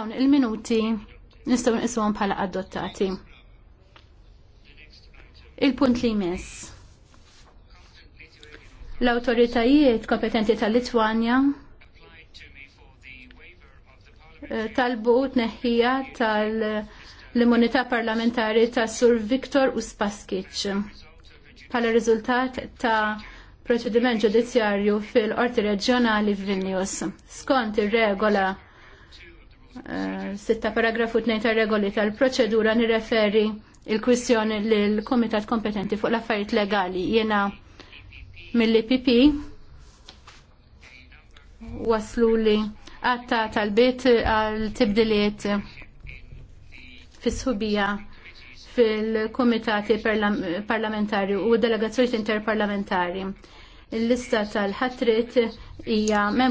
Hawn il-minuti nistgħu nqisuhom bħala adottati. Il-punt li jmiss. L-awtoritajiet kompetenti tal-Litwanja eh, talbu tneħħija tal-immunità parlamentari ta' Sur Viktor Uspaskic pala riżultat ta' proċediment ġudizzjarju fil-Qorti Reġjonali Vilnius. Skont ir-regola Eh, sitta paragrafu t tar-regoli tal-proċedura nirreferi il-kwistjoni l-Komitat kompetenti fuq l-affarijiet legali jiena mill-IPP waslu li għatta tal-bit għal-tibdiliet fis-subija fil-komitati parlamentari u delegazzjoni interparlamentari. Il-lista tal-ħatrit hija